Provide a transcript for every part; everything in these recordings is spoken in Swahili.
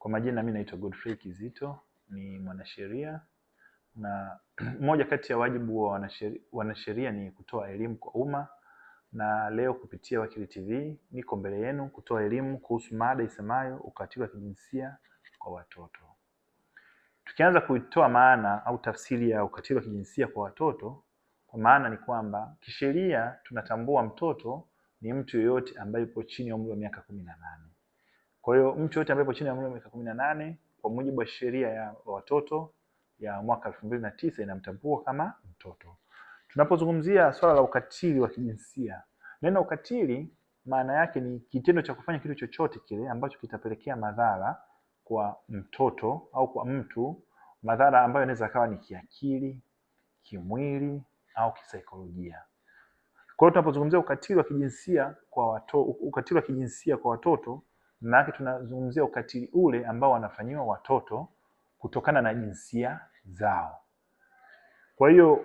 Kwa majina mimi naitwa Godfrey Kizito, ni mwanasheria na mmoja kati ya wajibu wa wanasheria, wanasheria ni kutoa elimu kwa umma, na leo kupitia Wakili TV niko mbele yenu kutoa elimu kuhusu mada isemayo ukatili wa kijinsia kwa watoto. Tukianza kuitoa maana au tafsiri ya ukatili wa kijinsia kwa watoto, kwa maana ni kwamba kisheria tunatambua mtoto ni mtu yoyote ambaye yupo chini ya umri wa miaka kumi na nane. Kwa hiyo mtu yote ambaye yupo chini ya umri wa miaka kumi na nane kwa mujibu wa sheria ya watoto ya mwaka elfu mbili na tisa inamtambua kama mtoto. Tunapozungumzia swala la ukatili wa kijinsia, neno ukatili maana yake ni kitendo cha kufanya kitu chochote kile ambacho kitapelekea madhara kwa mtoto au kwa mtu, madhara ambayo inaweza kawa ni kiakili, kimwili au kisaikolojia. Kwa hiyo tunapozungumzia ukatili wa kijinsia kwa watoto, ukatili wa kijinsia kwa watoto Maanake tunazungumzia ukatili ule ambao wanafanyiwa watoto kutokana na jinsia zao. Kwa hiyo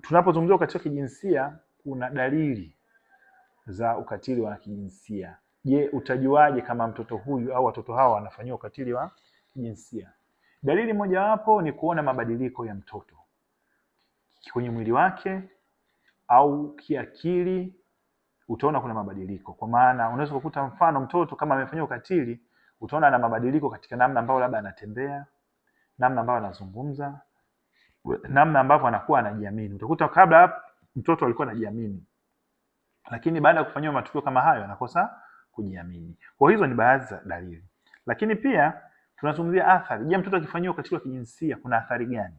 tunapozungumzia ukatili wa kijinsia kuna dalili za ukatili wa kijinsia. Je, utajuaje kama mtoto huyu au watoto hawa wanafanyiwa ukatili wa kijinsia? Dalili mojawapo ni kuona mabadiliko ya mtoto kwenye mwili wake au kiakili utaona kuna mabadiliko, kwa maana unaweza kukuta mfano mtoto kama amefanyiwa ukatili, utaona ana mabadiliko katika namna ambayo labda anatembea, namna ambayo anazungumza, namna ambavyo anakuwa anajiamini. Utakuta kabla mtoto alikuwa anajiamini, lakini baada ya kufanyiwa matukio kama hayo anakosa kujiamini. Kwa hizo ni baadhi za dalili, lakini pia tunazungumzia athari. Je, mtoto akifanyiwa ukatili wa kijinsia kuna athari gani?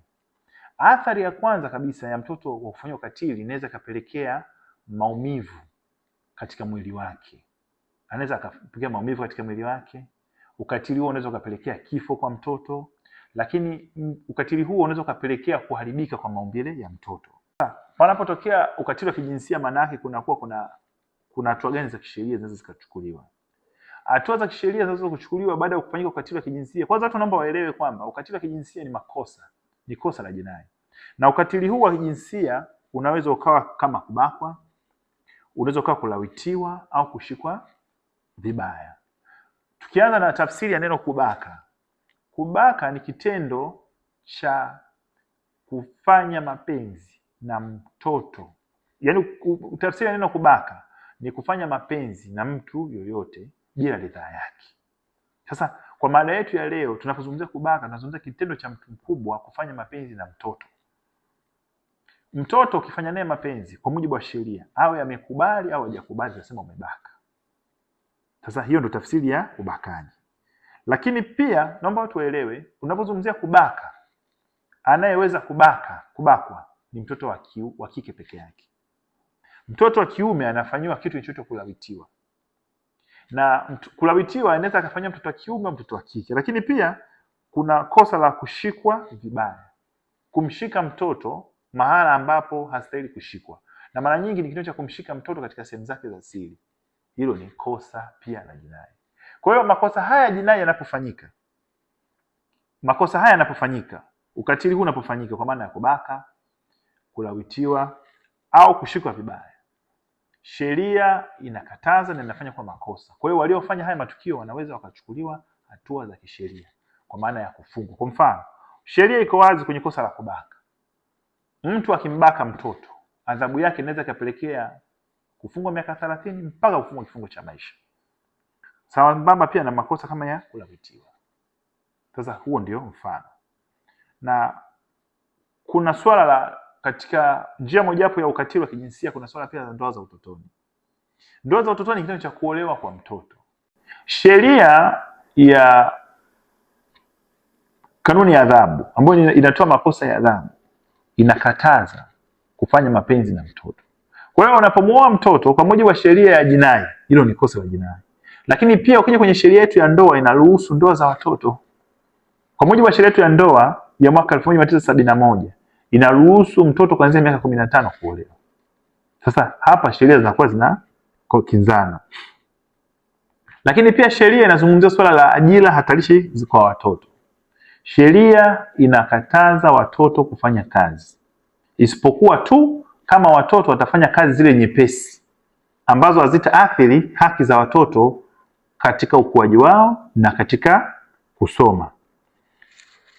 Athari ya kwanza kabisa ya mtoto wa kufanyiwa ukatili inaweza ikapelekea maumivu katika mwili wake, anaweza akapitia maumivu katika mwili wake. Ukatili huo unaweza ukapelekea kifo kwa mtoto, lakini ukatili huo unaweza ukapelekea kuharibika kwa maumbile ya mtoto. Panapotokea ukatili wa kijinsia, maanake kunakuwa kuna kuna hatua gani za kisheria zinaweza zikachukuliwa? Hatua za kisheria zinaweza kuchukuliwa baada ya kufanyika ukatili wa kijinsia. Kwanza watu naomba waelewe kwamba ukatili wa kijinsia ni makosa, ni kosa la jinai, na ukatili huu wa kijinsia unaweza ukawa kama kubakwa unaweza ukawa kulawitiwa au kushikwa vibaya. Tukianza na tafsiri ya neno kubaka, kubaka ni kitendo cha kufanya mapenzi na mtoto. Yaani, tafsiri ya neno kubaka ni kufanya mapenzi na mtu yoyote bila ridhaa yake. Sasa kwa maana yetu ya leo, tunapozungumzia kubaka, tunazungumzia kitendo cha mtu mkubwa kufanya mapenzi na mtoto mtoto ukifanya naye mapenzi kwa mujibu wa sheria, awe amekubali au hajakubali, tunasema umebaka. Sasa hiyo ndo tafsiri ya ubakaji. Lakini pia naomba watu waelewe, unapozungumzia kubaka, anayeweza kubaka kubakwa ni mtoto wa kiu, wa kike peke yake. Mtoto wa kiume anafanyiwa kitu kilichoitwa kulawitiwa, na mtu, kulawitiwa anaweza akafanyia mtoto wa kiume au mtoto wa kike. Lakini pia kuna kosa la kushikwa vibaya, kumshika mtoto mahala ambapo hastahili kushikwa, na mara nyingi ni kitendo cha kumshika mtoto katika sehemu zake za siri. Hilo ni kosa pia la jinai. Kwa hiyo makosa haya jinai yanapofanyika, makosa haya yanapofanyika, ukatili huu unapofanyika, kwa maana ya kubaka, kulawitiwa au kushikwa vibaya, sheria inakataza na inafanya kwa makosa. Kwa hiyo waliofanya haya matukio wanaweza wakachukuliwa hatua za kisheria, kwa maana ya kufungwa. Kwa mfano, sheria iko wazi kwenye kosa la kubaka Mtu akimbaka mtoto adhabu yake inaweza ikapelekea kufungwa miaka thelathini mpaka kufungwa kifungo cha maisha, sambamba pia na makosa kama ya kulawitiwa. Sasa huo ndio mfano, na kuna swala la katika njia mojawapo ya ukatili wa kijinsia, kuna swala pia la ndoa za utotoni. Ndoa za utotoni ni kitendo cha kuolewa kwa mtoto. Sheria ya kanuni ya adhabu ambayo inatoa makosa ya adhabu inakataza kufanya mapenzi na mtoto. Kwa hiyo unapomwoa mtoto kwa mujibu wa sheria ya jinai, hilo ni kosa la jinai. Lakini pia ukija kwenye sheria yetu ya ndoa inaruhusu ndoa za watoto. Kwa mujibu wa sheria yetu ya ndoa ya mwaka 1971 inaruhusu mtoto kuanzia miaka 15 kuolewa. Sasa hapa sheria zinakuwa zina kinzana. Lakini pia sheria inazungumzia swala la ajira hatarishi kwa watoto. Sheria inakataza watoto kufanya kazi, isipokuwa tu kama watoto watafanya kazi zile nyepesi ambazo hazitaathiri haki za watoto katika ukuaji wao na katika kusoma.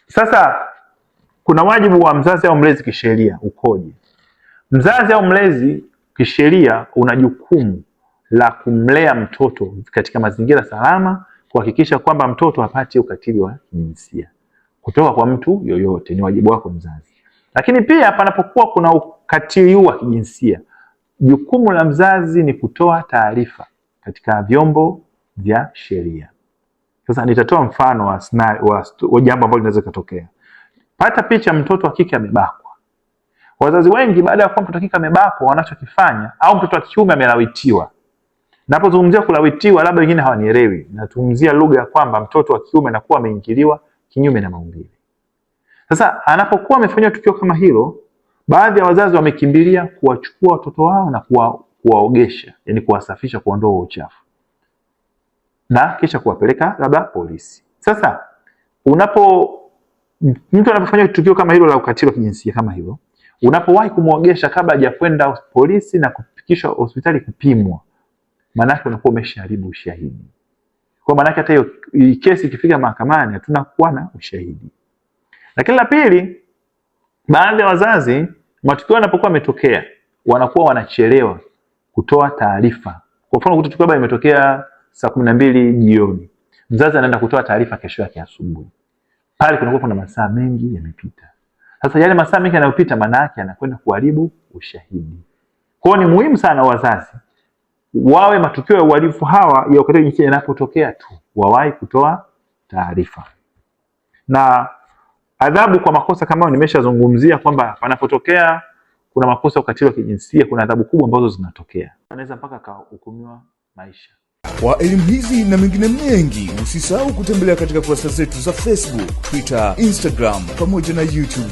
Sasa kuna wajibu wa mzazi au mlezi kisheria ukoje? Mzazi au mlezi kisheria una jukumu la kumlea mtoto katika mazingira salama, kuhakikisha kwamba mtoto hapati ukatili wa jinsia kutoka kwa mtu yoyote, ni wajibu wako mzazi. Lakini pia panapokuwa kuna ukatili wa kijinsia, jukumu la mzazi ni kutoa taarifa katika vyombo vya sheria. Sasa nitatoa mfano wa, wa, wa jambo ambalo linaweza kutokea. Pata picha, mtoto wa kike amebakwa. Wazazi wengi baada ya kuwa mtoto wa kike amebakwa, wanachokifanya au mtoto wa kiume amelawitiwa. Napozungumzia kulawitiwa, labda wengine hawanielewi, nazungumzia lugha ya kwamba mtoto wa kiume anakuwa ameingiliwa kinyume na maumbile. Sasa anapokuwa amefanya tukio kama hilo, baadhi ya wazazi wamekimbilia kuwachukua watoto wao na kuwa, kuwaogesha yani kuwasafisha, kuondoa uchafu na kisha kuwapeleka labda polisi. Sasa unapo mtu anapofanya tukio kama hilo la ukatili wa kijinsia kama hilo, unapowahi kumwogesha kabla hajakwenda polisi na kufikishwa hospitali kupimwa, maanake unakuwa umeshaharibu ushahidi. Kwa maana hata hiyo kesi ikifika mahakamani hatunakuwa na ushahidi. Lakini la pili, baadhi ya wazazi matukio yanapokuwa yametokea wanakuwa wanachelewa kutoa taarifa. Kwa mfano, kutu tukio imetokea saa kumi na mbili jioni, mzazi anaenda kutoa taarifa kesho yake asubuhi, pale kunakuwa kuna masaa mengi yamepita. Sasa yale masaa mengi yanayopita, maana yake anakwenda kuharibu ushahidi. Kwa hiyo ni muhimu sana wazazi wawe matukio ya uhalifu hawa ya ukatili jinsia yanapotokea tu wawahi kutoa taarifa. Na adhabu kwa makosa kama nimeshazungumzia kwamba panapotokea kuna makosa ukatili wa kijinsia kuna adhabu kubwa ambazo zinatokea, anaweza mpaka akahukumiwa maisha. Kwa elimu hizi na mengine mengi, usisahau kutembelea katika kurasa zetu za Facebook, Twitter, Instagram pamoja na YouTube.